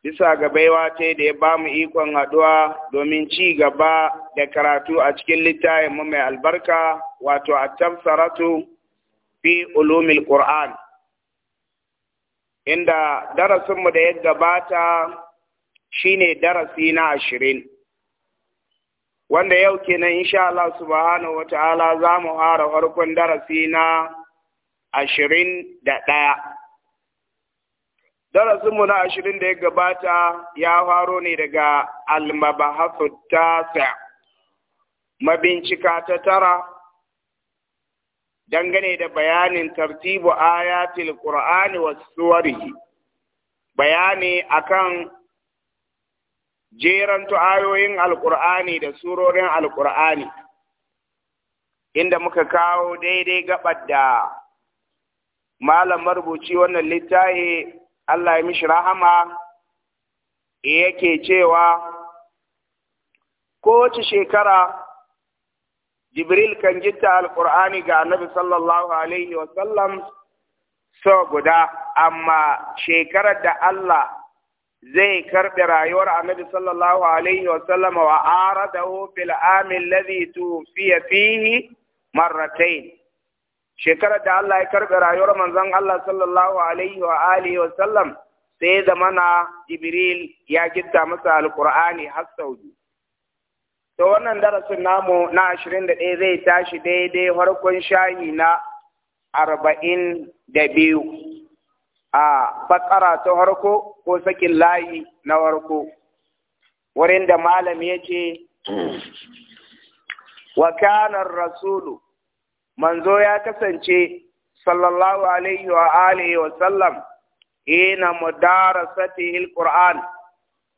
bisa ga baiwa ta da ya ba mu ikon haɗuwa domin ci gaba da karatu a cikin littafin mu mai albarka wato a tafsaratu fi ulumil qur'an inda darasinmu da ya gabata shine darasi na ashirin wanda yau kenan insha Allah subhanahu wa ta'ala za mu hara farkon darasi na ashirin da ɗaya darasinmu na ashirin da ya gabata ya faro ne daga almabahafu tasa mabincika ta tara dangane da bayanin tartibu ayatul qur'ani wa suwarihi bayani akan jeran ayoyin alqur'ani da surorin alqur'ani inda muka kawo daidai gabar da malam marubuci wannan littafi Allah ya mishi rahama eh, yake cewa kowace shekara Jibril kan gitta Alƙur'ani ga Annabi sallallahu Alaihi wasallam so guda, amma shekarar da Allah zai karɓi rayuwar Annabi sallallahu Alaihi wasallam wa ara da fil amin ladhi tufiya fihi marratain shekarar da Allah ya karɓi rayuwar manzon Allah sallallahu alaihi wa alihi wa sallam sai da mana Jibril ya gitta masa alkur'ani har sau To wannan darasin namu na ashirin zai tashi daidai harkon shayi na arba'in da biyu a bakara ta harko ko sakin layi na harko. Wurin da malam ya ce, Wa kana rasulu manzo ya kasance sallallahu alaihi wa alihi wa sallam ina mudarasati alquran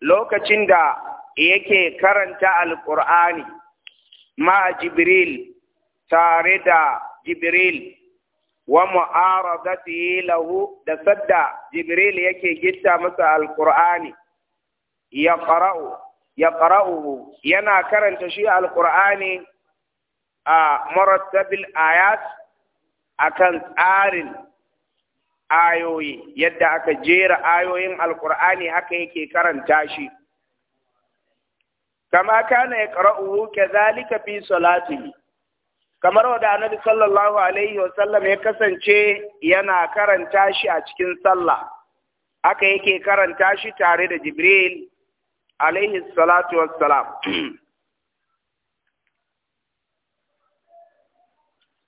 lokacin da yake karanta alqurani ma jibril tare da jibril wa mu'aradati lahu da sadda jibril yake gitta masa alqurani ya qara'u ya qara'u yana karanta shi alqurani a marattabil ayat kan tsarin ayoyi yadda aka jera ayoyin alkur'ani haka yake karanta shi kama kana ya ƙara'uhu zalika fi salatihi kamar wanda annabi sallallahu alaihi wasallam ya kasance yana karanta shi a cikin sallah haka yake karanta shi tare da jibril alaihi salatu wassalam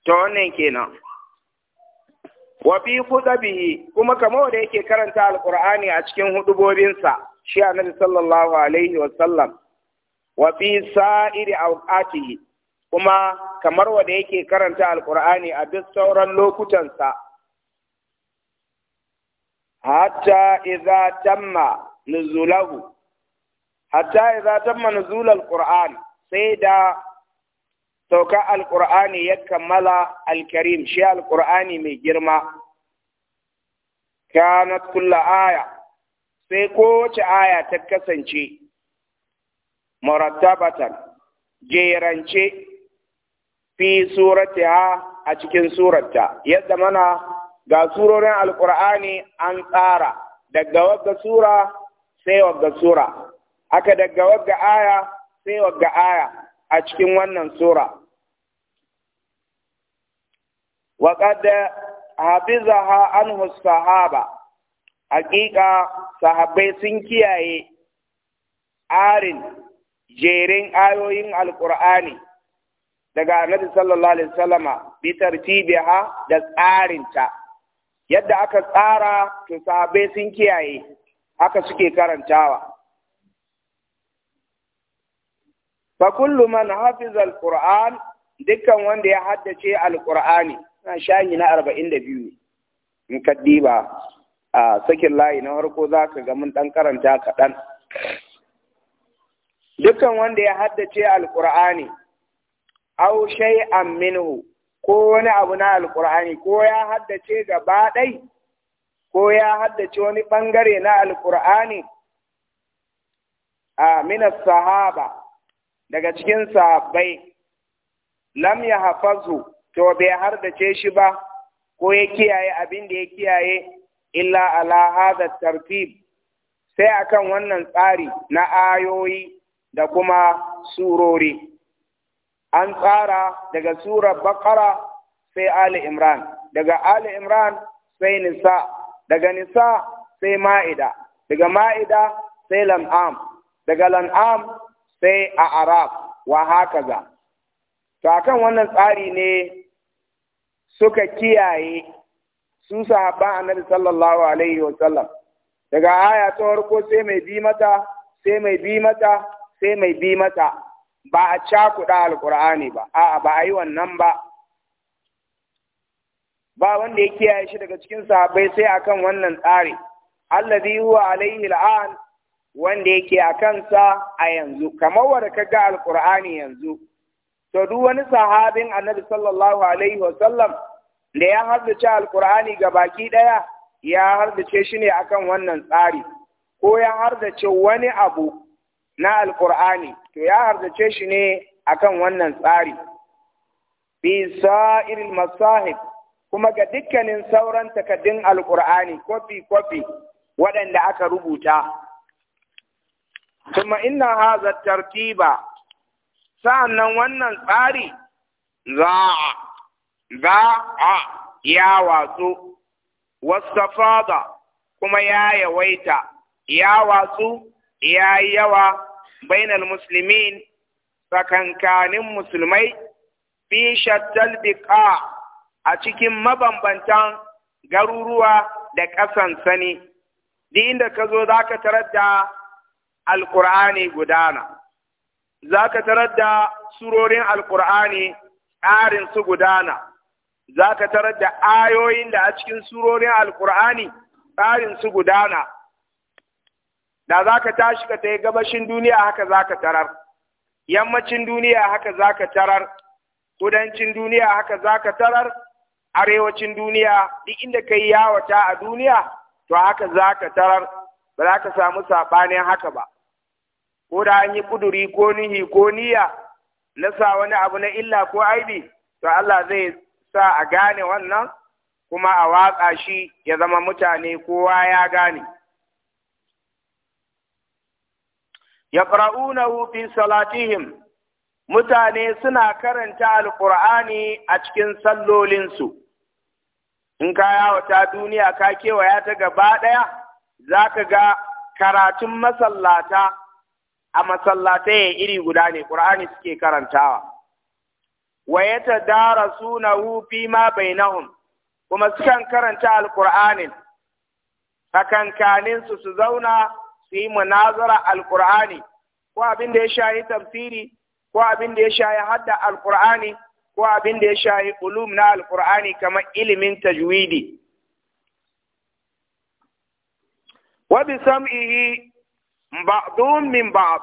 ta wannan kenan wa fi khutabihi kuma kamar da yake karanta alqur'ani a cikin hudubobinsa shi annabi sallallahu alaihi wa sallam wa fi sa'iri awqatihi kuma kamar wanda yake karanta alqur'ani a duk sauran lokutansa hatta idza tamma nuzulahu hatta idza tamma nuzul alqur'an sai da sauka alƙur'ani ya kammala alkarim shi alƙur'ani mai girma kanat kulla aya sai kowace aya ta kasance murattabatan jerance fi suratiha a cikin surarta yadda mana ga surorin alƙur'ani an tsara daga wadda sura sai wadda sura haka daga wadda aya sai wadda aya a cikin wannan sura wa Habiza ha anhu sahaba hakika sahabbai sun kiyaye arin jerin ayoyin Alƙur'ani daga annabi sallallahu alaihi wasallama bi tartibiha da tsarinta yadda aka tsara to sahabbai sun kiyaye haka suke karantawa fa kullu man hafiza alquran dukkan wanda ya haddace alqur'ani na shayi na 42 in ka a sakin layi na farko zaka ga mun dan karanta kaɗan dukkan wanda ya haddace alqur'ani aw shay'an minhu ko wani abu na alqur'ani ko ya haddace gaba ko ya haddace wani bangare na alqur'ani a min sahaba daga cikin sahabbai lam ya hafazu to bai har da ce shi ba ko ya kiyaye abin da ya kiyaye illa ala hada tartib sai akan wannan tsari na ayoyi da kuma surori an tsara daga surar bakara sai ali imran daga ali imran sai nisa daga nisa sai ma'ida daga ma'ida sai lan'am daga lan'am sai a arab wa za? to kan wannan tsari ne suka kiyaye su sahabban annabi sallallahu alaihi wa daga aya ta harko sai mai bi mata sai mai bi mata sai mai bi mata ba a cakuɗa alkur'ani ba a'a ba a yi wannan ba ba wanda ya kiyaye shi daga cikin sahabbai sai akan wannan tsari allazi huwa alaihi al'an wanda yake a kansa a yanzu kamar wadda ka ga alkur'ani yanzu to duk wani sahabin annabi sallallahu alaihi wasallam da ya harzace alur'ani ga baki ɗaya ya haddace shi ne akan wannan tsari ko ya haddace wani abu na alkur'ani to ya harzace shi ne akan wannan tsari bi masahib kuma ga dukkanin sauran takaddun alkur'ani kwafi-kwafi waɗanda aka rubuta kuma ina haza tartiba sa'annan wannan tsari za za a ya watsu wasafada kuma ya yawaita ya watsu ya yi yawa bainal musulmin tsakankanin musulmai fi shattal a cikin mabambantan garuruwa da ƙasan sani di inda ka zo za ka tarar da Alƙur'ani gudana za ka tarar da surorin Alƙur'ani tsarin su gudana za ka tarar da ayoyin da a cikin surorin Alƙur'ani tsarin su gudana da za ka tashi ka tayi gabashin duniya haka za ka tarar yammacin duniya haka za ka tarar kudancin duniya haka za ka tarar arewacin duniya duk inda ka yi yawata a duniya to haka za ka tarar ba za ka samu saɓanin haka ba ko da an yi kuduri ko nihi ko niyya na sa wani abu na illa ko aibi to Allah zai sa a gane wannan kuma a watsa shi ya zama mutane kowa ya gane yaqra'unahu fi salatihim mutane suna karanta alqur'ani a cikin sallolinsu in ka yawo ta duniya ka kewaya ta gaba ɗaya za ka ga karatun masallata a masallatai iri guda ne ƙur'ani suke karantawa wa ya suna wufi ma bai nahun, kuma sukan karanta al’ur'anin, hakankanin su su zauna su yi munazara al’ur'ani, ko abin da ya shayi tafsiri ko abin da ya shayi hadda al’ur'ani, ko abin da ya shayi ulum na al’ur'ani kamar ilimin tajwidi Wabi sam'ihi ba'dun min ba'd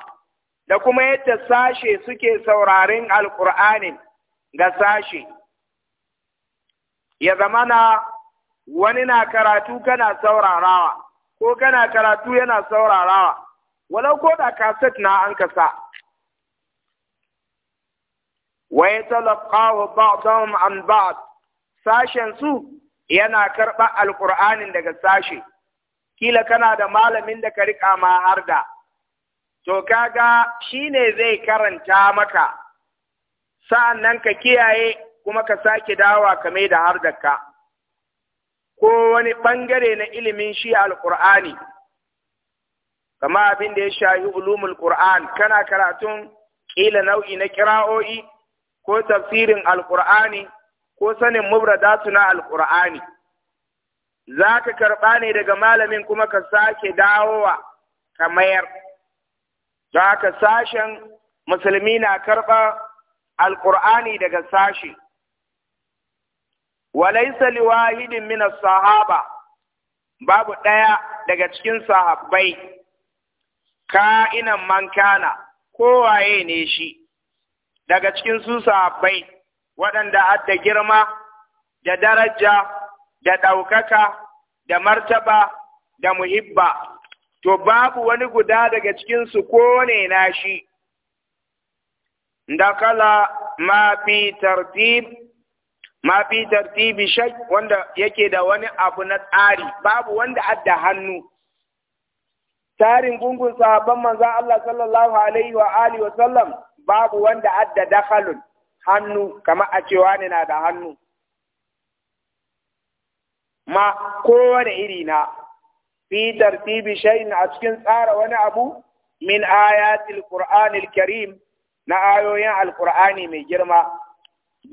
da kuma yadda sashe suke sauraren alqur'anin ga sashe ya zamana wani na karatu kana saurarawa ko kana karatu yana saurarawa walau ko da kaset na an kasa wa yatalaqahu ba'dhum an ba'd sashen su yana karɓa alƙur'anin daga sashe kila kana da malamin da ka riƙa ma har da to kaga shi ne zai karanta maka sa'an nan ka kiyaye kuma ka sake dawa ka mai da har ka ko wani ɓangare na ilimin shi alƙur'ani kama abin da ya shayi ulumul ƙur'an kana karatun ƙila nau'i na kira'o'i ko tafsirin alƙur'ani ko sanin mubradatu na alƙur'ani za ka karɓa ne daga malamin kuma ka sake dawowa ka mayar Za ka sashen musulmi na karɓa alƙur'ani daga sashi walaisa liwahidin min sahaba babu ɗaya daga cikin sahabbai ka'inan mankana kowaye ne shi daga cikin su sahabbai waɗanda adda girma da daraja da ɗaukaka da martaba da muhibba to babu wani guda daga cikinsu ko ne na shi dakala ma fi tartib ma fi tartibi shai wanda yake da wani abu na tsari babu wanda adda hannu tarin gungun sahabban manzo Allah sallallahu alaihi wa wa sallam babu wanda adda dakhalun hannu kama a cewa ne na da hannu ma kowane iri na fi tartibi shay'in a cikin tsara wani abu min ayatil qur'anil karim na ayoyin alqur'ani mai girma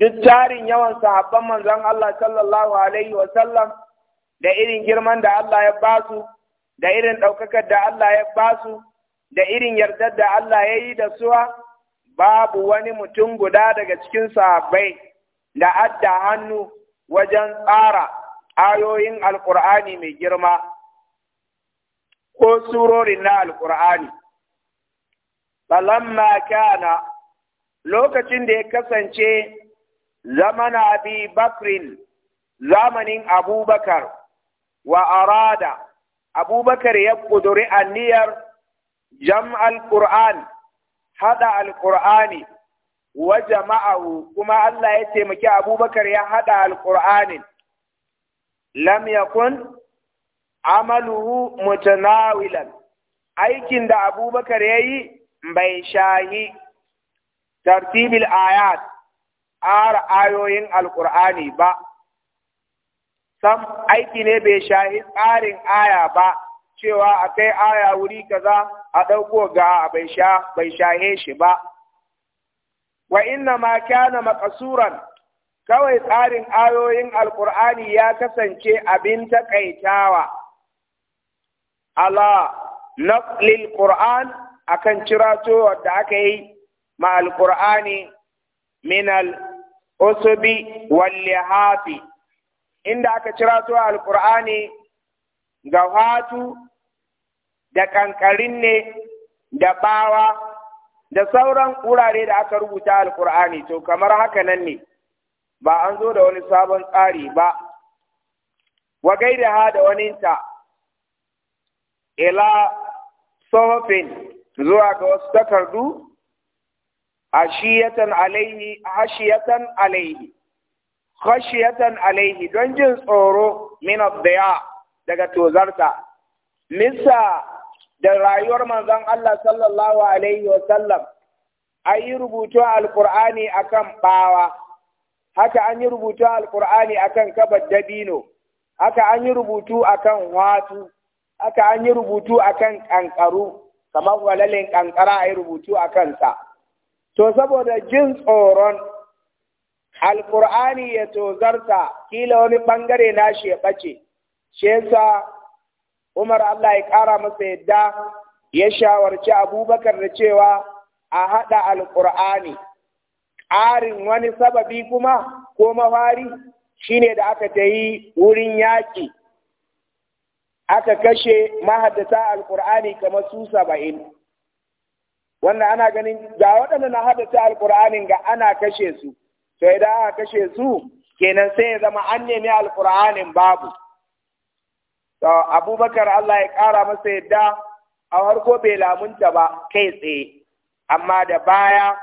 duk tarin yawan sahabban manzon Allah sallallahu alaihi wa sallam da irin girman da Allah ya basu da irin ɗaukakar da Allah ya basu da irin yardar da Allah ya yi da suwa babu wani mutum guda daga cikin sahabbai da adda hannu wajen tsara ayoyin alkur'ani mai girma ko surorin na alkur'ani falamma kana lokacin da ya kasance zaman abi bakrin zamanin abubakar wa arada abubakar ya ƙuduri aniyar jam'al qur'an haɗa alkur'ani wa jama'ahu kuma Allah ya taimaki abubakar ya haɗa alkur'anin lam yakun amaluhu mutanawilan aikin da abubakar ya yi bai shahi tartibil ayat ara ayoyin alkur'ani ba sam aiki ne bai shahi tsarin aya ba cewa akai aya wuri kaza a ɗauko ga bai shahe shi ba wa inna ma kana maqsuran kawai tsarin ayoyin alkur'ani ya kasance abin takaitawa ala naqlil qur'an akan cirato da aka yi ma alkur'ani min al usbi wal lihafi inda aka cirato alkur'ani ga hatu da kankarin ne da bawa da sauran wurare da aka rubuta alkur'ani to kamar haka nan ne ba an zo da wani sabon tsari ba wa gaida ha da waninta ila sohofin zuwa ga wasu takardu ashiyatan alaihi hashiyatan alaihi don jin tsoro min daya daga tozarta misa da rayuwar manzon Allah sallallahu alaihi wa sallam ayi rubutu alqur'ani akan ɓawa. haka an yi rubutu a alkur'ani akan kabar dabino haka an yi rubutu akan watu haka an yi rubutu akan kankaru kamar walalin ƙanƙara a yi rubutu a kansa to saboda jin tsoron Alƙur'ani ya tozarta kila wani ɓangare na shi ya ɓace shi yasa umar allah ya ƙara masa yadda ya shawarci abubakar da cewa a haɗa alkur'ani arin wani sababi kuma ko mafari ne da aka ta yi wurin yaƙi aka kashe mahaddata alƙur'ani kamar su saba'in wanda ana ganin ga waɗanda na haddata alƙur'anin ga ana kashe su to da aka kashe su kenan sai ya zama an nemi alƙur'anin babu to abubakar Allah ya ƙara masa yadda a harko bai lamunta ba kai tsaye amma da baya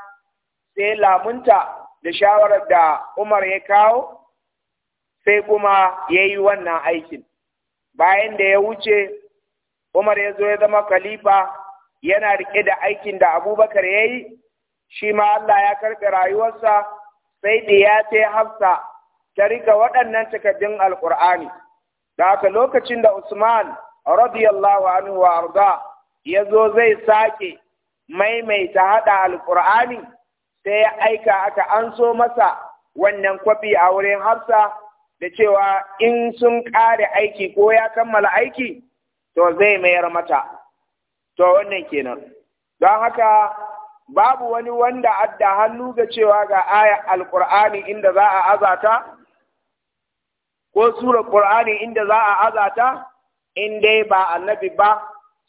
sai lamunta da shawarar da Umar ya kawo sai kuma ya yi wannan aikin bayan da ya wuce Umar ya zo ya zama khalifa yana rike da aikin da Abubakar ya yi shi ma Allah ya karɓi rayuwarsa sai da ya ce hafsa ta rika waɗannan takardun alƙur'ani da aka lokacin da Usman radiyallahu anhu wa arda ya zo zai sake maimaita haɗa alƙur'ani sai ya aika aka an so masa wannan kwafi a wurin hafsa da cewa in sun ƙare aiki ko ya kammala aiki to zai mayar mata to wannan kenan don haka babu wani wanda adda hannu ga cewa ga aya alƙur'ani inda za a azata ko sura ƙur'ani inda za a azata in dai ba annabi ba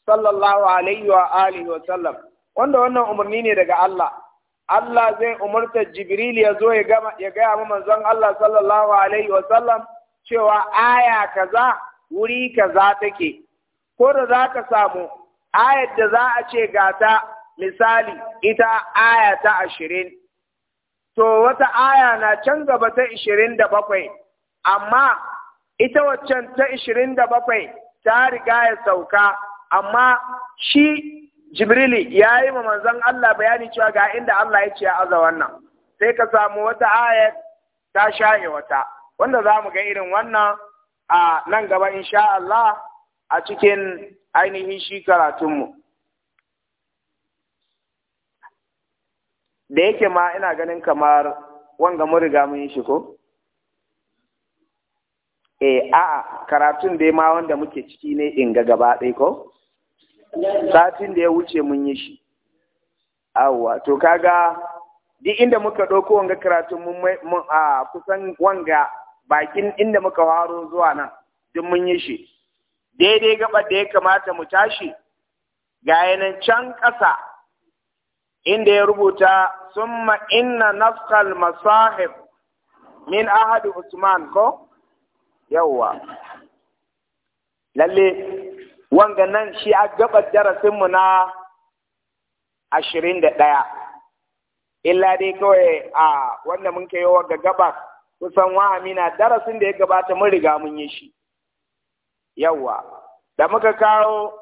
sallallahu alaihi wa alihi wa sallam wanda wannan umarni ne daga Allah Allah zai umarta Jibril ya zo ya gaya ma manzon Allah sallallahu Alaihi wasallam cewa aya kaza wuri kaza take, ko da za ka samu ayar da za a ce gata misali ita aya ta ashirin. To wata aya na can gaba ta ishirin da bakwai, amma ita waccan ta ishirin da bakwai ta riga ya sauka, amma shi jibrili ya yi ma manzon Allah bayani cewa ga inda Allah ya ce ya aza wannan sai ka samu wata aya ta shaye wata wanda za mu ga irin wannan a nan gaba insha Allah a cikin ainihin shi karatunmu da yake ma ina ganin kamar wanga mun riga mun yi shi ko eh a'a karatun dai ma wanda muke ciki ne in ga gaba ɗaya ko satin da ya wuce mun yi shi awwa to kaga duk inda muka ɗauko wanga karatun mun a kusan wanga bakin inda muka waro zuwa nan duk mun yi shi daidai gaba da ya kamata mu tashi ga yanan can ƙasa inda ya rubuta summa inna nafkal masahib min ahadu usman ko yawwa lalle wanga nan shi a gabar darasinmu na ashirin da ɗaya illa dai kawai a wanda mun kai ga gabas kusan wahami na darasin da ya gabata mun riga mun yi shi Yawwa da muka kawo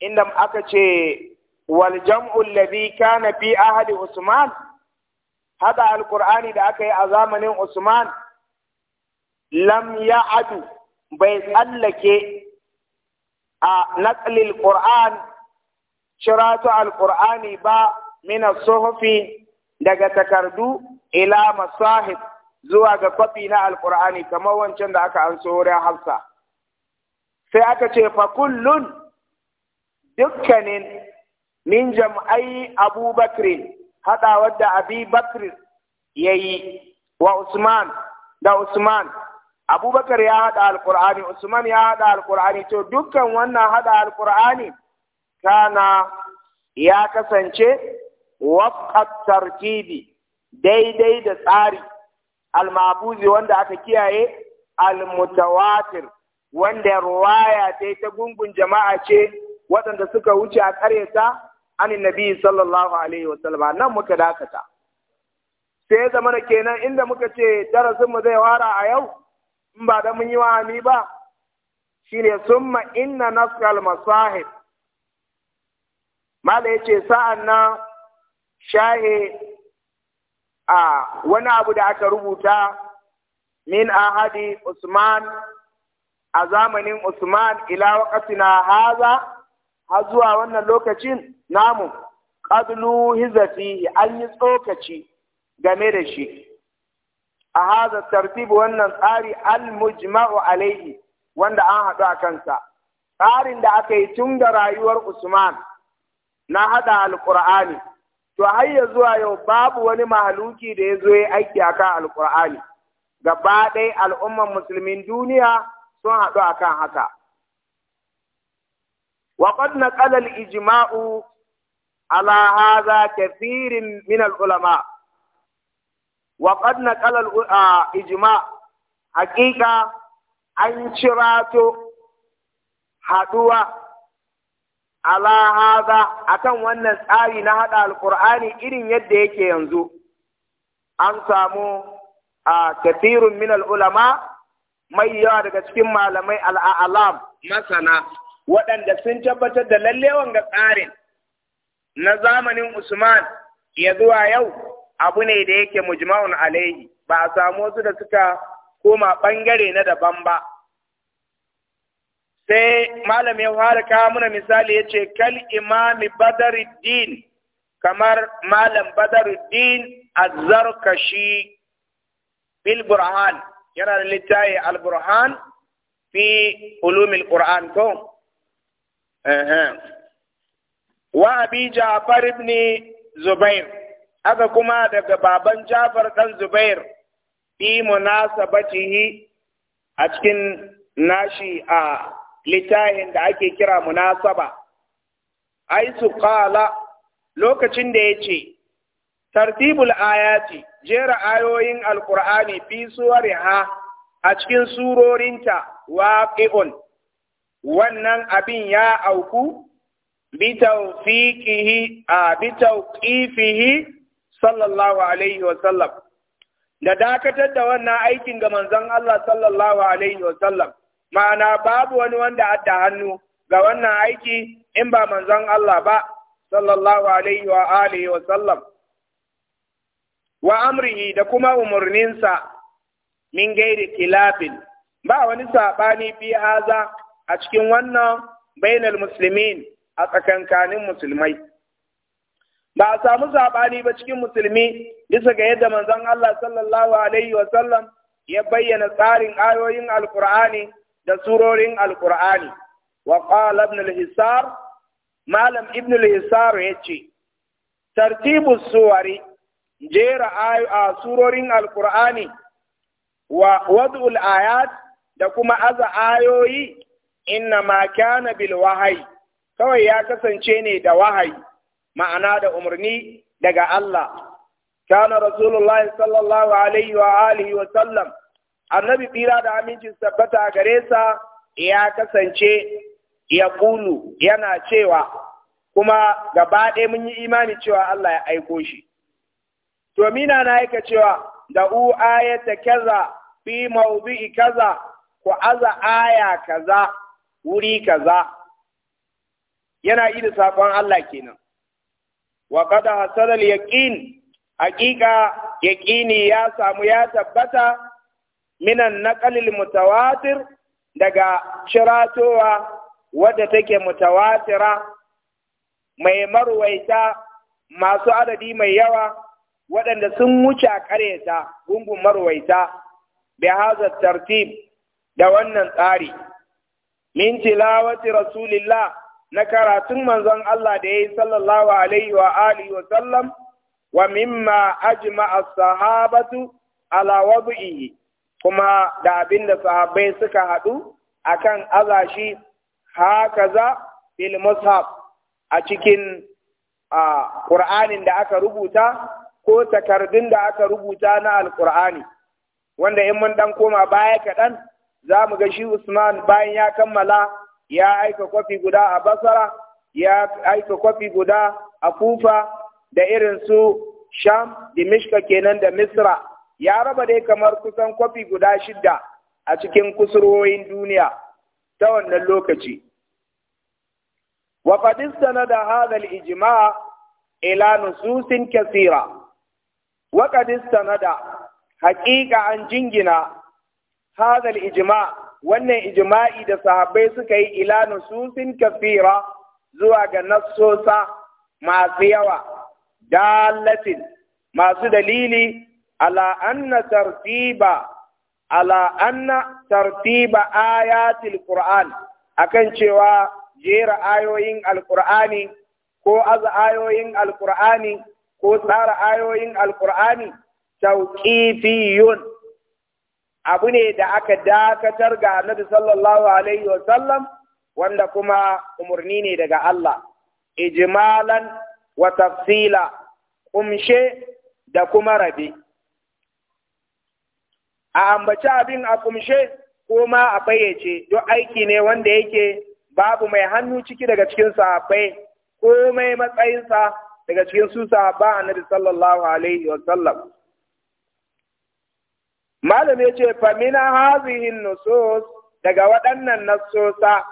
inda aka ce wal jam'u alladhi kana fi ahadi usman hada alqur'ani da aka yi a zamanin usman lam ya adu bai tsallake a naqlil qur'an shiratu qurani ba min as daga takardu ila masahib zuwa ga kwafi na alqur'ani kamar wancan da aka anso wurin Hafsa sai aka ce fa kullun dukkanin min jam'ai Abu Bakr hada wadda Abi ya yi wa Usman da Usman abubakar ya haɗa alkur'ani usman ya haɗa alkur'ani to dukkan wannan haɗa alkur'ani kana ya kasance wafqat tarkibi daidai da tsari almabuzi wanda aka kiyaye almutawatir wanda ruwaya ta ta gungun jama'a ce waɗanda suka wuce a ƙaryata an nabi sallallahu alaihi wa sallama nan muka dakata sai zamana kenan inda muka ce darasin mu zai wara a yau in ba da mun yi wahami ba shine summa inna nasral masahib mala yace sa'an nan shahe a wani abu da aka rubuta min ahadi usman a zamanin usman ila waqtina haza har zuwa wannan lokacin namu qadlu hizati an yi tsokaci game da shi a haza tartibu wannan tsari al-mujma'u alaihi wanda an haɗu a kansa tsarin da aka yi tun da rayuwar Usman na haɗa alƙur'ani to har ya zuwa yau babu wani mahaluki da ya zo ya aiki a kan alƙur'ani gaba ɗaya al'umman musulmin duniya sun haɗu a kan haka وقد نقل الإجماع على هذا كثير من العلماء wa ƙalar a ijma haqiqa an cirato haɗuwa ala a akan wannan tsari na hada Alƙur'ani irin yadda yake yanzu an samu a kathirun min ulama mai yawa daga cikin malamai al'alam masana waɗanda sun tabbatar da lalle wanga tsarin na zamanin Usman ya zuwa yau abu ne da yake mujma'un alaihi ba a samu wasu da suka koma ɓangare na daban ba sai malam ya fara kawo mana misali ya ce kal imami badaruddin kamar malam badaruddin azzarkashi bil burhan yana da littafi al burhan fi ulumil qur'an ko wa abi ja'far ibn zubair aka kuma daga baban Jafar ɗan Zubair fi munasabatihi a cikin nashi a littafin da ake kira munasaba ai su kala. lokacin da ya yace tartibul ayati jera ayoyin alqur'ani fi suwariha a cikin surorinta waqi'un wannan abin ya auku bi tawfiqihi a bi tawqifihi sallallahu alaihi wa sallam da dakatar da wannan aikin ga manzon Allah sallallahu alaihi wa sallam ma'ana babu wani wanda adda hannu ga wannan aiki in ba manzon Allah ba sallallahu alaihi wa alihi wa sallam wa amrihi da kuma umurninsa min gairi kilafin ba wani sabani fi haza a cikin wannan bainal musulmin a tsakankanin musulmai ba a samu saɓani ba cikin musulmi bisa ga yadda manzon Allah sallallahu alaihi wa sallam ya bayyana tsarin ayoyin alqur'ani da surorin alqur'ani wa qala ibn al-hisar malam ibn al-hisar yace tartibu suwari jera a surorin Alƙur'ani wa wad'ul ayat da kuma aza ayoyi inna ma kana bil wahayi kawai ya kasance ne da wahayi ma'ana da umarni daga Allah kana Rasulullah sallallahu alaihi wa alihi wa sallam annabi tsira da amincin a gare sa ya kasance ya kulu yana cewa kuma gaba ɗaya mun yi imani cewa Allah ya aiko shi to mina na aika cewa da u ayata kaza fi mawdu'i kaza ku aza aya kaza wuri kaza yana ido sakon Allah kenan wa kada hasarar yaƙin haƙiƙa yaƙini ya samu ya tabbata minan naƙalil mutawatir daga ciratowa wadda take mutawatira mai marwaita masu adadi mai yawa waɗanda sun wuce a ƙareta gungun marwaita bi hazar tartib da wannan tsari min tilawati rasulillah na karatun manzon Allah da yayi sallallahu alaihi wa alihi wa sallam wa mimma as sahabatu ala wad'ihi kuma da abin da sahabbai suka hadu akan azashi hakaza fil mushaf a cikin Qur'anin da aka rubuta ko takardun da aka rubuta na al Al-Qur'ani wanda in mun dan koma baya kaɗan za mu ga shi Usman bayan ya kammala ya aika kwafi guda a basara ya aika kwafi guda a kufa da irin su sham dimishka kenan da misra ya raba dai kamar kusan kwafi guda shidda a cikin kusurwoyin duniya ta wannan lokaci da hadal ijima ila nususin kasira كثيرة na da hakika an jingina hadal ijima' wannan ijma'i da sahabbai suka yi ila nususin kafira zuwa ga nassosa masu yawa dalatin masu dalili ala anna tartiba ala anna tartiba ayatil qur'an akan cewa jera ayoyin alqur'ani ko aza ayoyin alqur'ani ko tsara ayoyin alqur'ani tauqifiyun abu ne da aka dakatar ga annabi sallallahu alaihi wa sallam wanda kuma umarni ne daga Allah ijmalan wa tafsila kumshe da kuma rabe a ambaci abin a kumshe kuma a bayyace, duk aiki ne wanda yake babu mai hannu ciki daga cikin sahabbai komai matsayinsa daga cikin su sahabba annabi sallallahu alaihi wa sallam malam ya ce famina hazihin nusus daga waɗannan nasosa.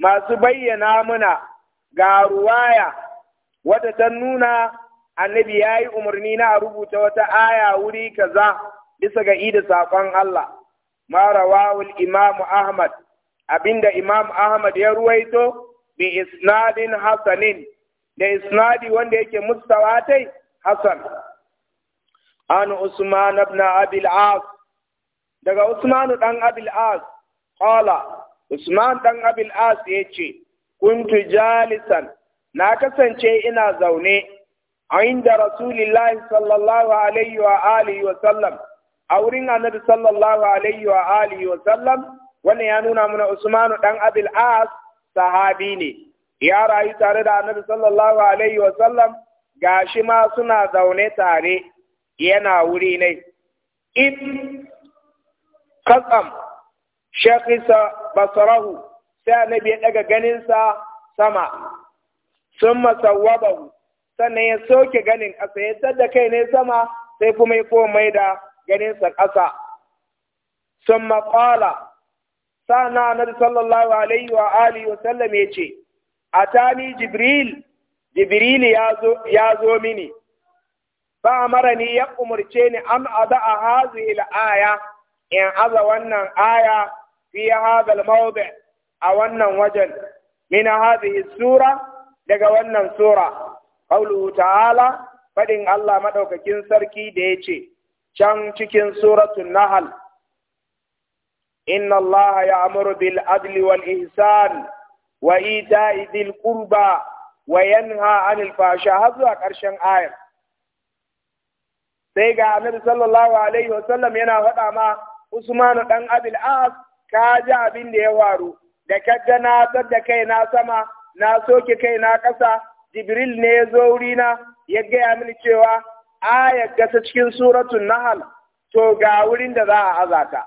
masu bayyana muna ga ruwaya wata ta nuna annabi ya yi umarni na rubuta wata aya wuri kaza bisa ga ida saƙon Allah ma rawawul imamu Ahmad abinda imamu Ahmad ya ruwaito bi isnadin hasanin da isnadi wanda yake mustawatai hasan an Usman ibn Abil As daga Usmanu ɗan Abil As, ƙala, Usman ɗan Abil As ya ce, Kuntu jalisan, na kasance ina zaune, a inda Rasulillahi sallallahu alaihi wa alihi wa sallam, a wurin annabi sallallahu alaihi wa alihi wa sallam, wannan ya nuna mana Usmanu ɗan Abil As sahabi ne, ya rayu tare da annabi sallallahu alaihi wa sallam, gashi ma suna zaune tare, yana wuri ne. In katsam shaqisa basarahu sai annabi ya daga ganinsa sama sun masawwabahu sannan ya soke ganin ƙasa ya da kai ne sama sai kuma ya komai da ganinsa ƙasa sun maƙala sana na sallallahu alaihi wa alihi wa sallam ya ce a jibril jibril ya zo mini ba mara ni ya umarce ni an adu a hazu ila aya in aza wannan aya fi hadha al a wannan wajen min hadhihi sura daga wannan sura qawluhu ta'ala fadin Allah madaukakin sarki da yace can cikin suratul nahl inna Allah ya'muru bil adli wal ihsan wa ita'i dhil qurba wa yanha 'anil fahsha'i zuwa ƙarshen ayar sai ga annabi sallallahu alaihi wasallam yana faɗa ma Usmanu ɗan Abil As ka ji abin da ya waru da kadda na tsar da kai na sama na soke kai na ƙasa Jibril ne ya zo wurina ya gaya mini cewa ayar gasa cikin suratun Nahal to ga wurin da za a azata.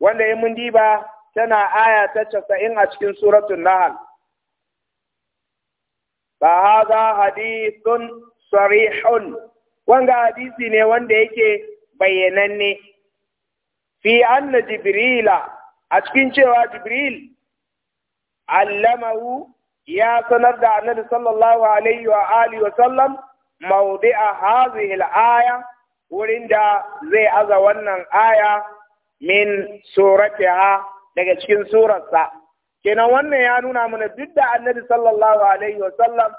Wanda ya mun diba tana aya ta casa'in a cikin suratun Nahal. Ba haza hadithun sarihun wanga hadisi ne wanda yake bayyananne. fi anna jibrila a cikin cewa jibril allamahu ya sanar da annabi sallallahu alaihi wa alihi wa sallam mawdi'a hadhihi al-aya wurin da zai aza wannan aya min suratiha daga cikin surarsa kenan wannan ya nuna mana duk da annabi sallallahu alaihi wa sallam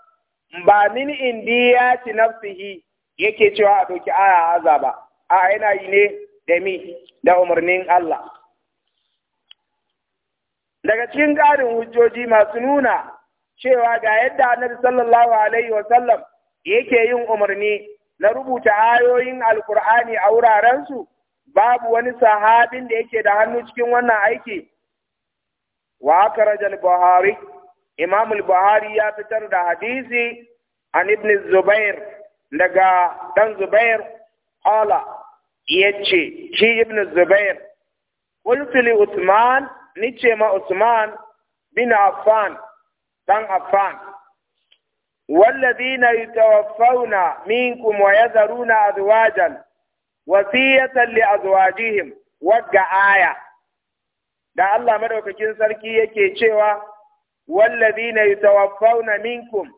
ba min indiyati nafsihi yake cewa a doki aya aza ba a yana yi ne demi da umarnin Allah daga cikin ƙarin hujjoji masu nuna cewa ga yadda annabi sallallahu alaihi wa yake yin umarni na rubuta ayoyin alkur'ani a wurarensu babu wani sahabin da yake da hannu cikin wannan aiki wa aka al-buhari imam buhari ya fitar da hadisi an ibn zubair daga ɗan zubair Allah. yace shi ibn zubair qultu li usman nice ma usman bin affan dan affan والذين يتوفون منكم ويذرون أزواجا وصية لأزواجهم وقع آية da Allah madaukakin sarki yake cewa wallazina yutawaffawna minkum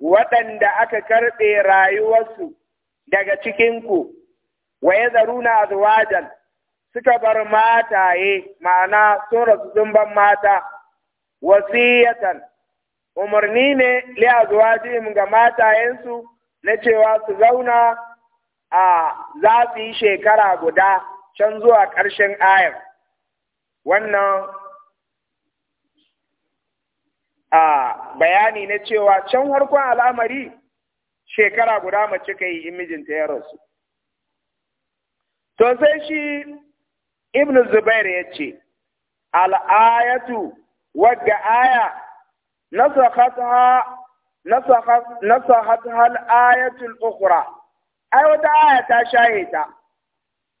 waɗanda aka karɓe rayuwarsu daga cikinku wa yadharuna azwajan suka bar mata mataye ma'ana sun rasu zumban mata wasiyatan umarni ne li azwajihim ga mata matayensu na cewa su zauna a za su yi shekara guda can zuwa ƙarshen ayar wannan a bayani na cewa can harkon al'amari shekara guda mace ka yi in mijinta ya rasu To sai shi Ibn Zubair ya ce, Al'ayatu wadda aya, nasahat hal ayatul ukura, ai wata aya ta shahe ta,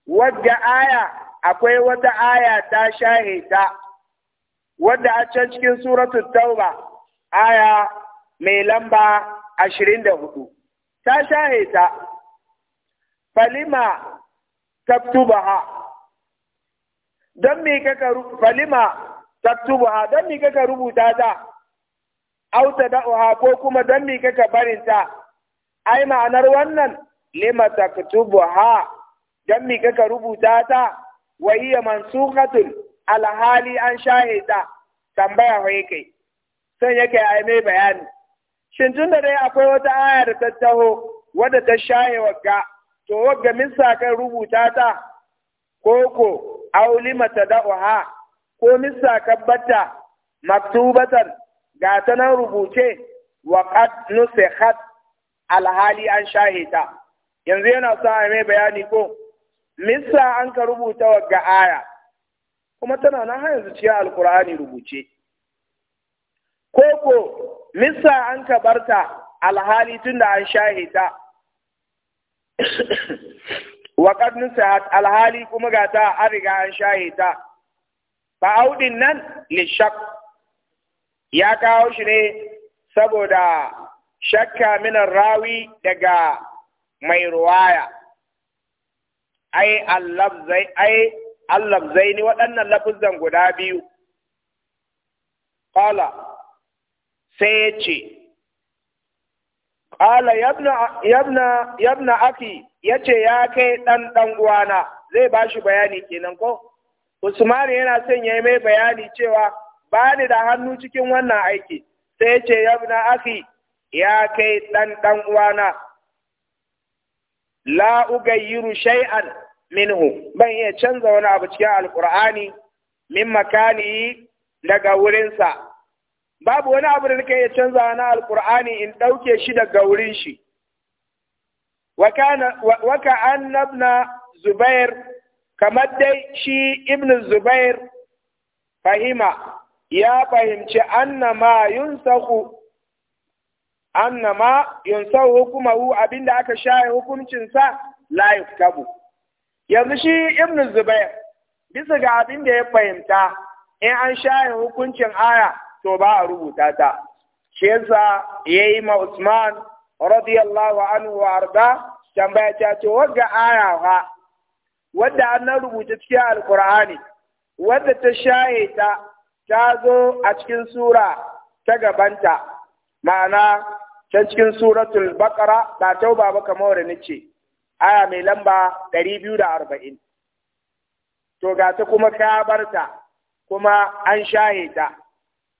wadda aya akwai wata aya ta shahe ta, wadda a can cikin suratul tauba aya mai lamba ashirin da hudu, ta shahe ta, falima taktubaha don me kaka falima taktubaha don me kaka rubuta ta au tada'uha ko kuma don me kaka barinta? ta ai ma'anar wannan lima taktubaha don me kaka rubuta ta Wai wa hiya mansukhatun alhali an shahida tambaya hoye kai son yake a yi mai bayani shin tun da dai akwai wata ayar da ta taho wadda ta shaye wagga to wagga missa kan rubuta ta ko ko aulima tada'uha ko missa kabbata maktubatan ga ta nan rubuce wa qad Al-hali an shahita yanzu yana sa a mai bayani ko sa an ka rubuta wagga aya kuma tana na har yanzu ciya alqur'ani rubuce ko ko sa an ka barta alhali tunda an shahita Waƙar qad alhali kuma ga ta an riga an shaye ta fa audin nan lishak ya kawo shi ne saboda shakka mina rawi daga mai ruwaya ai allabzai ai ni waɗannan lafuzan guda biyu qala sai ya ce Ƙala yabna aki ya ce ya kai ɗan ɗan uwana zai ba shi bayani kenan ko? Usman yana son ya yi mai bayani cewa ba ni da hannu cikin wannan aiki sai ya ce yabna aki ya kai ɗan ɗan uwana. La ugayyiru shay'an minhu ban iya canza wani abu cikin alƙur'ani min makani daga wurinsa babu wani abu da nake ya canza na alqur'ani in dauke shi daga wurin shi wa kana wa ka annabna zubair kamar dai shi ibn zubair fahima ya fahimci annama yunsahu annama yunsahu hukumahu abinda aka shaye hukuncinsa la yuftabu yanzu shi ibn zubair bisa ga abin da ya fahimta in an shaye hukuncin aya to ba a rubuta ta shi yasa yayi ma Usman radiyallahu anhu wa arda tambaya ta ce wagga aya ha wadda an rubuta cikin alqur'ani wadda ta shaye ta ta zo a cikin sura ta gabanta ma'ana ta cikin suratul baqara ba tauba ba kamar da nace aya mai lamba 240 to ga ta kuma ka barta kuma an shaye ta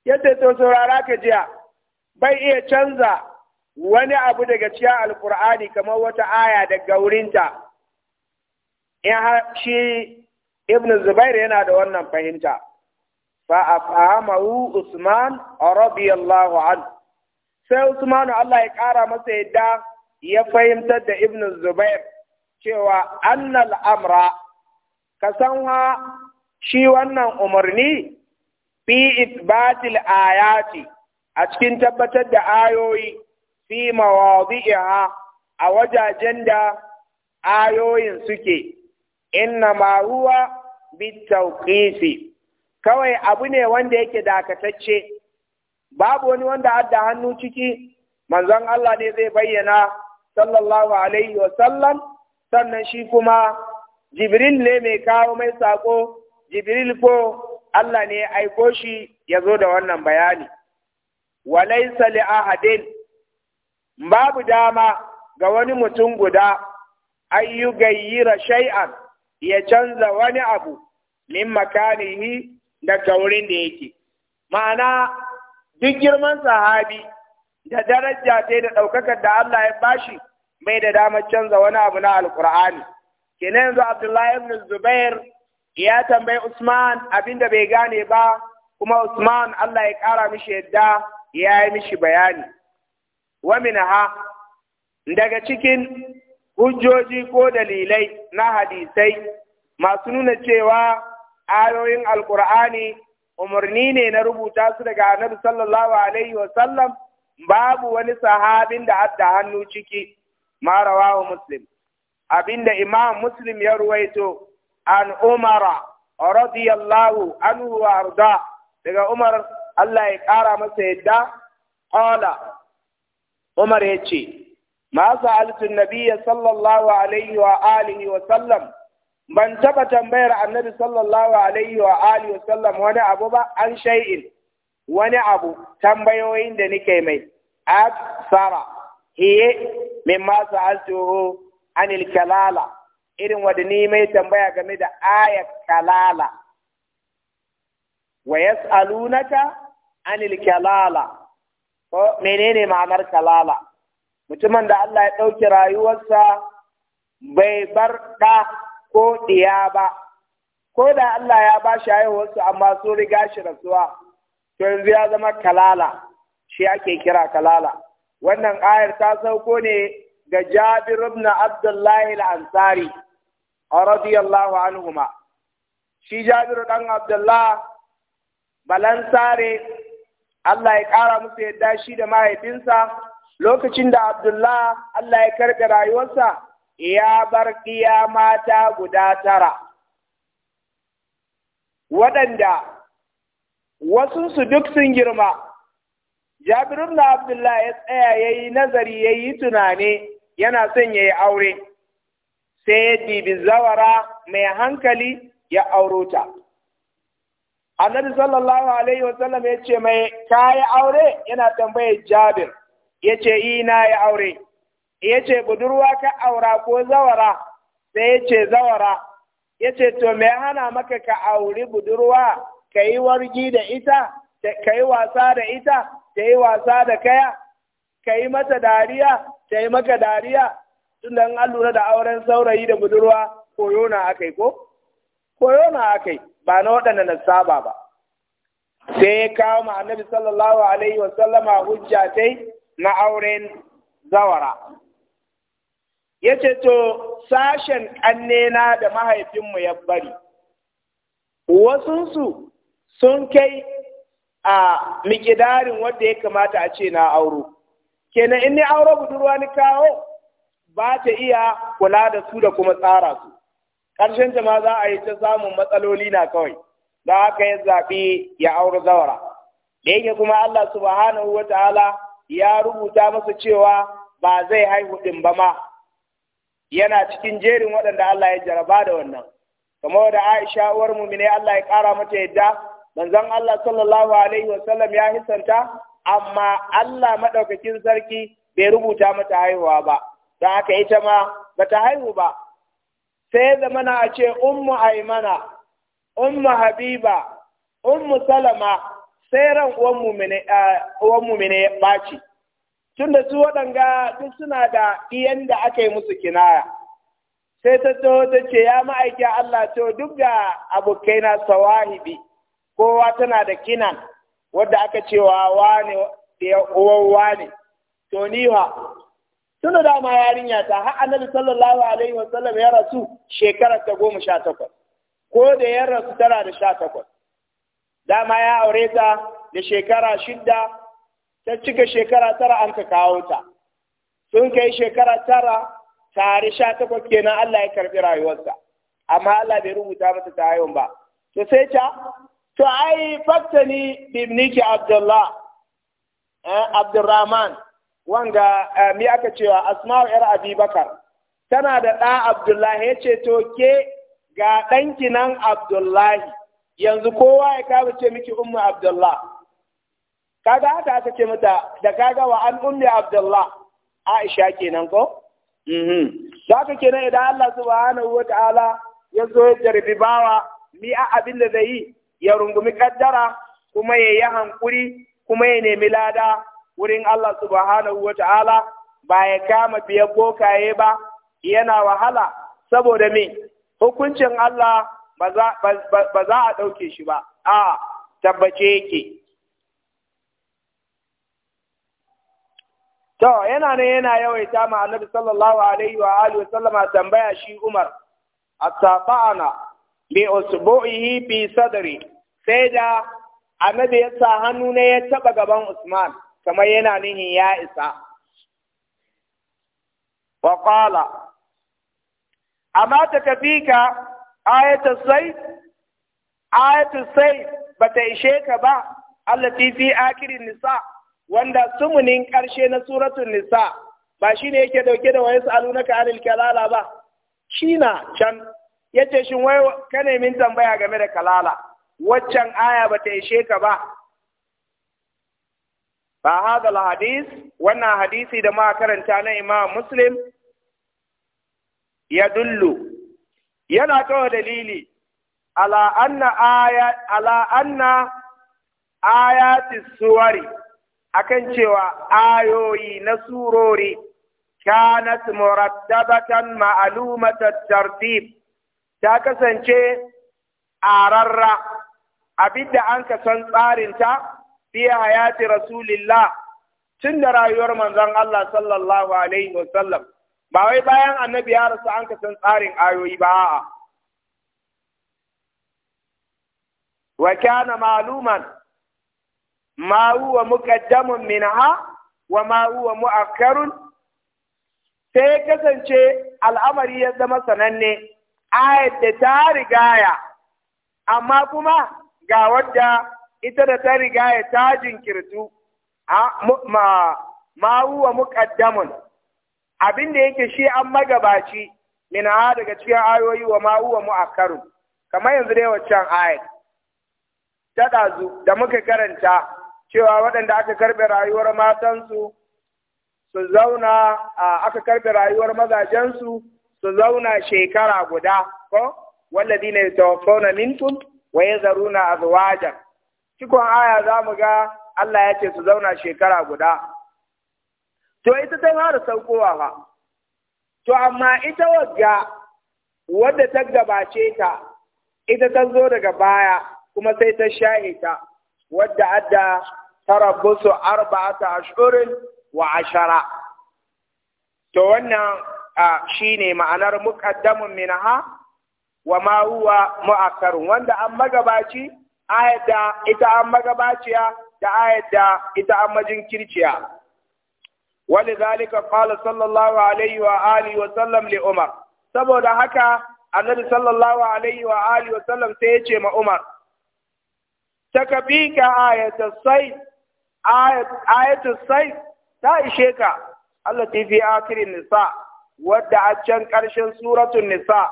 yadda to saurara ka jiya bai iya canza wani abu daga cikin alkur'ani kamar wata aya daga wurinta in har shi ibn zubair yana da wannan fahimta fa afahamahu usman radiyallahu an sai usman Allah ya kara masa yadda ya fahimtar da ibn zubair cewa annal amra ka san shi wannan umarni fi isbatil ayati a cikin tabbatar da ayoyi fi mawadhi'iha a wajajen da ayoyin suke inna ma huwa kawai abu ne wanda yake dakatacce babu wani wanda adda hannu ciki manzon Allah ne zai bayyana sallallahu alaihi wa sallam sannan shi kuma jibril ne mai kawo mai sako jibril ko Allah ne ya aiko shi ya zo da wannan bayani walaysa a babu dama ga wani mutum guda ayyugayyira shay'an ya canza wani abu min makanihi da wurin da yake ma'ana duk girman sahabi da daraja ta da ɗaukakar da Allah ya bashi mai da damar canza wani abu na alkur'ani kenan yanzu Abdullahi ibn Zubair ya tambayi Usman abinda bai gane ba kuma Usman Allah ya ƙara mishi yadda ya yi mishi bayani Wamina ha? daga cikin hujjoji ko dalilai na hadisai masu nuna cewa ayoyin alkur'ani umarni ne na rubuta su daga annabi sallallahu alaihi wasallam babu wani sahabin da adda hannu ciki ma wa muslim abinda imam muslim ya ruwaito an umara radiyallahu anhu daga umar ya ƙara masa yadda umar ya ce ma sa'altu tambayar annabi sallallahu alaihi wani abu ba an shay'in wani abu tambayoyin da nake mai aksara hiye mimma sa'altuhu irin wadda ni mai tambaya game da ayat kalala wa yas'alunaka anil kalala ko menene ma'anar kalala mutumin da Allah ya ɗauki rayuwarsa bai bar ɗa ko ɗiya ba ko da Allah ya ba shi haihuwarsu amma sun riga shi rasuwa to yanzu ya zama kalala shi ake kira kalala wannan ayar ta sauko ne ga Jabir ibn Abdullahi al-Ansari radiyallahu anhuma shi Jabiru dan Abdullah balansare Allah ya ƙara musu yadda shi da mahaifinsa lokacin da Abdullah Allah ya karɓe rayuwarsa ya bar iya mata guda tara waɗanda su duk sun girma Jabiru na Abdullah ya tsaya ya yi nazari ya yi tunane yana son ya yi aure sai ya dibi zawara mai hankali ya auro ta Annabi sallallahu Alaihi wasallam ya ce mai ta yi aure yana tambaye jabir, ya ce yi na ya aure, ya ce budurwa ka aura ko zawara, sai ya ce zawara, ya ce to mai hana maka ka auri budurwa, ka yi wargi da ita, ka yi wasa da ita, ta yi wasa da kaya, ka yi mata dariya, ta yi maka dariya, tunda in an lura da auren saurayi da budurwa koyo na akai ko koyo na akai ba na waɗanda na saba ba sai ya kawo ma annabi sallallahu alaihi wa sallama hujja tai na auren zawara yace to sashen ƙannena da mahaifinmu ya bari wasunsu sun kai a mikidarin wanda ya kamata a ce na auro kenan in ni auro budurwa ni kawo ba ta iya kula da su da kuma tsara su ƙarshen ta za a yi ta samun matsaloli na kawai Za haka ya zaɓe ya aure zawara da yake kuma Allah subhanahu wa ta'ala ya rubuta masa cewa ba zai haihu ɗin ba ma yana cikin jerin waɗanda Allah ya jaraba da wannan kamar da Aisha uwar mumine Allah ya ƙara mata yadda manzon Allah sallallahu alaihi wa sallam ya hisanta amma Allah madaukakin sarki bai rubuta mata haihuwa ba da yi ita ma ba ta haihu ba sai zamana a ce ummu aimana ummu habiba ummu salama sai ran uwan mumine ya ɓaci tun da su waɗanga duk suna da iyan da aka yi musu kinaya sai ta taho ta ce ya ma'aikin Allah to duk da abokaina sawahibi kowa tana da kinan wadda aka ce wa wane ya uwan wane to ni tuna ma yarinya ta har annabi sallallahu alaihi wa sallam ya rasu shekara ta goma ko da ya rasu tana da sha takwas dama ya aure ta da shekara shidda ta cika shekara tara an ka kawo ta sun kai shekara tara tare sha kenan Allah ya karbi rayuwarsa amma Allah bai rubuta mata ta haihuwa ba to sai ta to ai fattani bibniki abdullah eh abdurrahman wanga eh, mi aka cewa asma'u yar abi tana da ɗa abdullahi ya ce to ke ga ɗanki nan abdullahi yanzu kowa ya kawo ce miki ummu Abdullahi? kaga haka aka ce mata da kaga wa an ummi Abdullahi? aisha kenan ko mhm haka kenan idan Allah subhanahu wataala ya zo ya jarbi bawa mi a abin da zai yi ya rungumi kaddara kuma ya yi hankuri kuma ya nemi lada wurin Allah subhanahu wa ta'ala ba ya kama biyan bokaye ba yana wahala saboda me hukuncin Allah ba za a ɗauke shi ba a tabbace yake to yana ne yana yawaita ma annabi sallallahu alaihi wa alihi wasallama tambaya shi Umar attaba'ana bi usbu'ihi bi sadri sai da annabi ya sa hannu ne ya taɓa gaban Usman kamar yana nihin ya isa wa qala amma ta kafika ayatu sai ayatu sai bata ishe ka ba allati fi akirin nisa wanda sumunin karshe na suratun nisa ba shine yake dauke da wayasu alunaka anil kalala ba shina can yace shin wai ka min tambaya game da kalala waccan aya bata ishe ka ba ba hadal hadis wannan hadisi da ma karanta na imam muslim ya dullu yana cewa dalili ala anna aya ala ayati suwari akan cewa ayoyi na surori kanat murattabatan ma'lumatat tartib ta kasance ararra abinda an ka san ta. fi hayati rasulillah tun da rayuwar manzon Allah sallallahu alaihi wa sallam ba wai bayan annabi ya rasu an kasan tsarin ayoyi ba a. wa kana ma'luman ma huwa muqaddamun minha wa ma huwa mu'akkarun sai kasance al'amari ya zama sananne ayat da ta rigaya amma kuma ga wadda ita da ta riga ya ta jinkirtu ma ma huwa muqaddamun abin da yake shi an magabaci min daga cikin ayoyi wa ma huwa mu'akkarun kamar yanzu dai waccan ayat ta dazu da muka karanta cewa waɗanda aka karbe rayuwar matansu su zauna aka karbe rayuwar mazajensu su zauna shekara guda ko wallazi ne tawaffawna minkum wa yazaruna azwajan cikon aya za mu ga Allah ya ce su zauna shekara guda. To ita ta fara saukowa ba. To amma ita wagga wadda ta gabace ta, ita ta zo daga baya kuma sai ta shahe ta, wadda adda tarabbusu arba'ata ashirin wa ashara. To wannan shi ne ma'anar muƙaddamun minha wa ma huwa mu'akkarun wanda an magabaci ayat da ita an magabaciya da ayat da ita an majinkirciya zalika qala sallallahu alaihi wa alihi wa sallam li umar saboda haka annabi sallallahu alaihi wa alihi wa sallam sai ya ce ma umar takabika ayatul sai ayatu sai ta ishe ka Allah ta fi akirin nisa wadda a can ƙarshen suratun nisa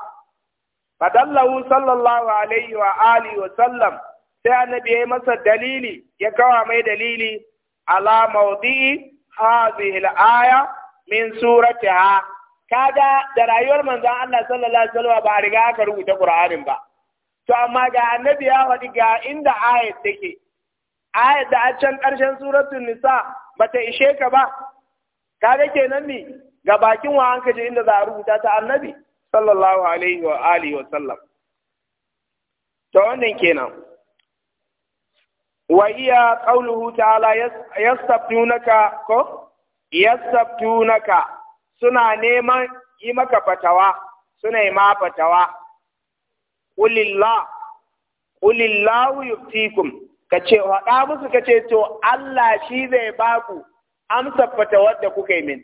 fadallahu sallallahu alaihi wa alihi wa sallam sai annabi ya yi masa dalili ya kawo mai dalili ala maudi hadhihi al-aya min suratiha kaga da rayuwar manzon Allah sallallahu alaihi wasallam ba riga aka rubuta Qur'anin ba to amma ga annabi ya faɗi ga inda ayat take ayat da a can ƙarshen suratul nisa bata ishe ka ba kaga kenan ni ga bakin wa an kaje inda za rubuta ta annabi sallallahu alaihi wa alihi wa sallam to wannan kenan wa iya qauluhu ta'ala yastabtunaka ko yastabtunaka suna neman yi maka fatawa suna yi ma fatawa qulillah qulillahu ka ce faɗa musu kace to Allah shi zai baku amsa fatawar da kuka yi min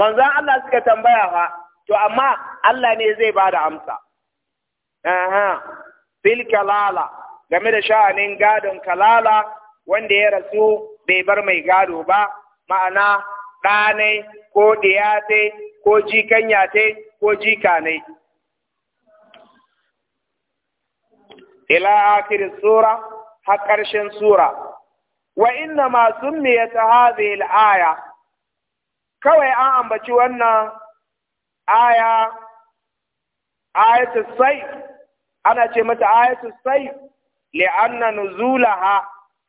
manzan Allah suka tambaya fa to amma Allah ne zai ba da amsa aha fil lala. game da sha'anin gadon kalala wanda ya rasu bai bar mai gado ba ma'ana ɗanai ko ɗiyate ko jikanyate ko jikanai ila akirin sura har ƙarshen sura wa inna ma summiyat hadhihi al-aya kawai an ambaci wannan aya ayatul sai ana ce mata ayatul sai li'anna nuzulaha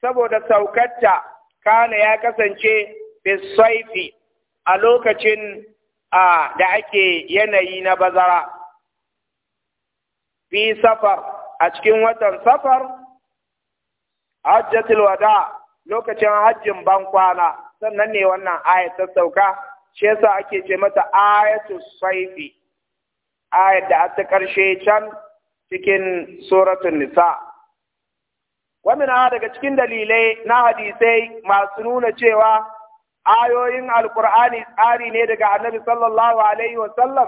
saboda saukatta kana ya kasance bisaifi a lokacin a da ake yanayi na bazara fi safar a cikin watan safar hajjatul wada lokacin hajjin bankwana sannan ne wannan ayat ta sauka shi yasa ake ce mata ayatu saifi ayat da ta karshe can cikin suratul nisa' wamina daga cikin dalilai na hadisai masu nuna cewa ayoyin alkur'ani tsari ne daga annabi sallallahu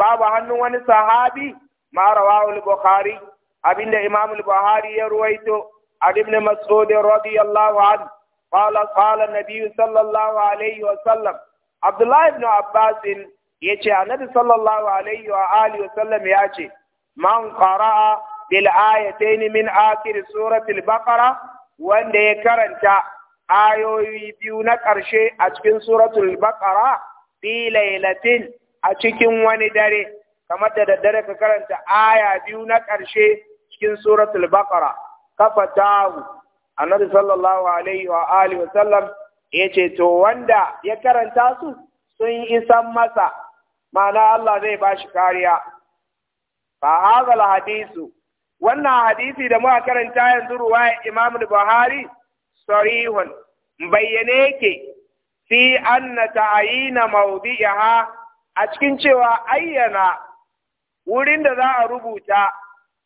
babu hannun wani sahabi ma rawahu bukhari abinda imam al ya ruwaito an ibn mas'ud radiyallahu anhu qala qala an-nabi sallallahu abbas yace annabi sallallahu alaihi wa alihi man bil ayatayn min akhir suratul baqara wanda ya karanta ayoyi biyu na ƙarshe a cikin suratul baqara fi lailatin a cikin wani dare kamar da daddare ka karanta aya biyu na ƙarshe cikin suratul baqara kafa tahu annabi sallallahu alaihi wa alihi wa sallam yace to wanda ya karanta su sun isa masa ma'ana Allah zai bashi kariya fa hadha hadisu wannan hadisi da muka karanta yanzu ruwaya Imam Buhari sarihun bayyane yake fi anna ta'ayina mawdi'aha a cikin cewa ayyana wurin da za a rubuta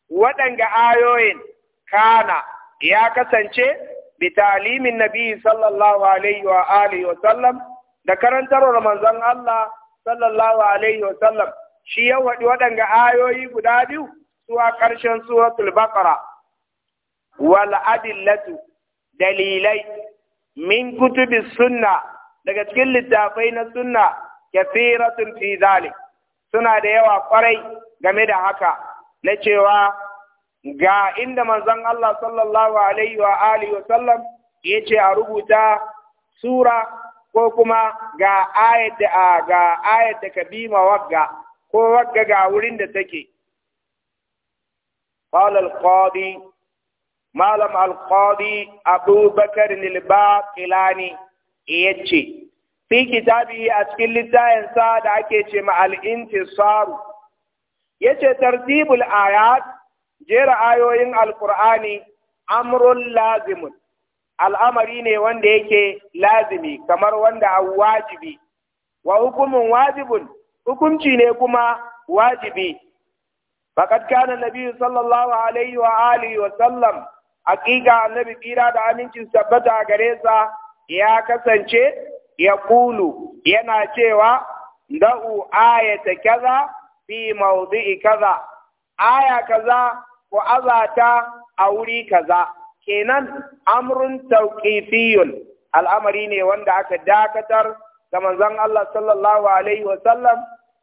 waɗanga ayoyin kana ya kasance bi talimin nabi sallallahu alaihi wa alihi wa sallam da karantarwar manzon Allah sallallahu alaihi wa sallam shi ya wadi waɗanga ayoyi guda biyu suwa ƙarshen suratul baqara wal dalilai min kutubi sunna daga cikin littafai na sunna kathiratun fi suna da yawa kwarai game da haka na cewa ga inda manzon Allah sallallahu alaihi wa alihi wa sallam a rubuta sura ko kuma ga ayat da ga ayat wagga ko wagga ga wurin da take قال malam alqadi abubakar nilbaqilani ya ce fi kitabi a cikin littayensa da ake ce ma al'intisaru ya ce tartibul ayat jera ayoyin alkur'ani amrun lazimun al'amari ne wanda yake lazimi kamar wanda a wajibi wa hukumin wajibun hukunci ne kuma wajibi faqad kana annabi sallallahu alaihi wa alihi wa sallam hakika annabi kira da amincin sabbata a gare sa ya kasance ya kulu yana cewa da'u ayata kaza fi mawdi'i kaza aya kaza ko azata a wuri kaza kenan amrun tawqifiyun al'amari ne wanda aka dakatar da manzon Allah sallallahu alaihi wa sallam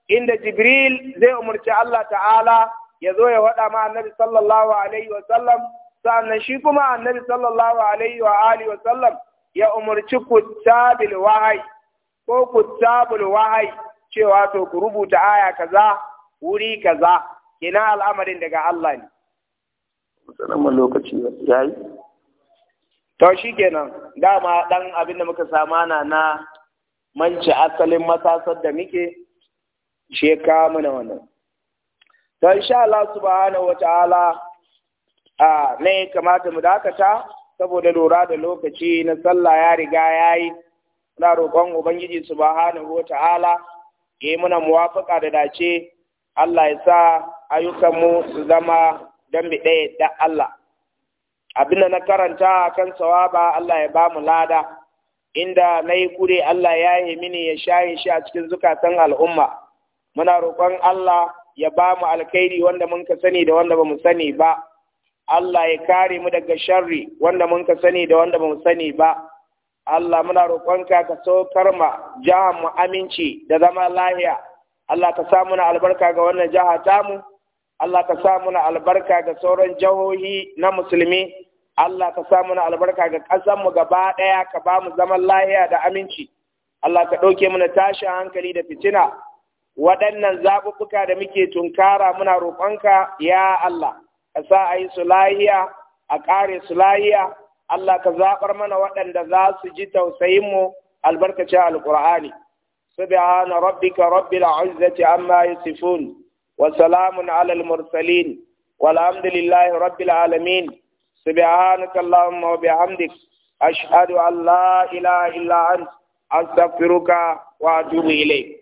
inda Jibril zai umarci Allah ta'ala ya zo ya waɗa ma annabi sallallahu alaihi wa sallam sannan shi kuma annabi sallallahu alaihi wa alihi wa sallam ya umarci kuttabil wahai ko kuttabul wahai cewa to ku rubuta aya kaza wuri kaza kina al'amarin daga Allah ne musamman lokaci yayi to shikenan dama dan abin da muka samu na na manci asalin matasar da muke sheka mana wannan to insha Allah subhanahu wataala a ne kamata mu dakata saboda lura da lokaci na sallah ya riga yayi na roƙon ubangiji subhanahu wataala ya yi muna muwafaka da dace Allah ya sa ayyukanmu su zama dambe ɗaya da Allah abinda na karanta kan sawaba Allah ya ba mu lada inda na yi kure Allah ya yi mini ya shaye shi a cikin zukatan al'umma muna roƙon Allah ya ba mu alkhairi wanda mun ka sani da wanda ba mu sani ba Allah ya kare mu daga sharri wanda mun ka sani da wanda ba mu sani ba Allah muna roƙonka ka so ma jihar mu aminci da zama lahiya Allah ka sa muna albarka ga wannan jiha tamu Allah ka sa muna albarka ga sauran jahohi na musulmi Allah ka sa muna albarka ga ƙasar mu gaba ɗaya ka ba mu zaman lahiya da aminci Allah ka ɗauke mana tashin hankali da fitina waɗannan zaɓuɓɓuka da muke tunkara muna roƙonka ya Allah ka sa a yi su lahiya a ƙare su lahiya Allah ka zaɓar mana waɗanda za su ji tausayinmu albarkacin alƙur'ani subhana rabbika rabbil izzati amma yasifun wa salamun alal mursalin walhamdulillahi rabbil alamin subhanaka allahumma wa bihamdik ashhadu an la ilaha illa anta astaghfiruka wa atubu ilayk